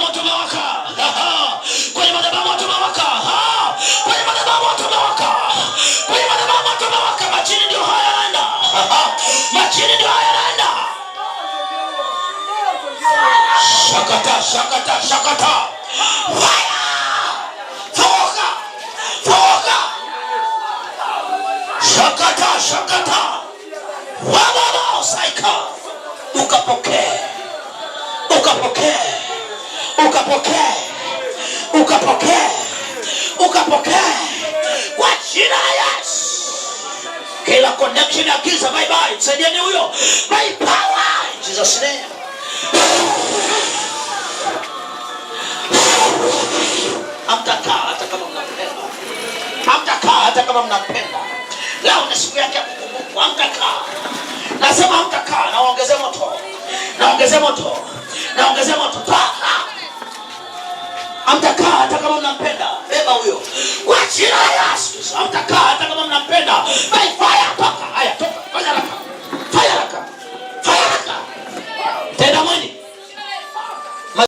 madhabahu tumewaka kwenye madhabahu tumewaka kwenye madhabahu tumewaka kwenye madhabahu tumewaka ndio haya yanaenda ndio haya yanaenda shakata shakata shakata ukapokee ukapokee ukapokee ukapokee kwa jina ya Yesu kila connection ya giza bye bye ni huyo by power Jesus name hamtakaa hata kama mnampenda hamtakaa hata kama mnampenda leo ni siku yake ya kukumbukwa hamtakaa nasema hamtakaa naongeze moto naongeze moto hamtakaa hata kama mnampenda. Beba huyo kwa jina la Yesu, hamtakaa hata kama mnampenda.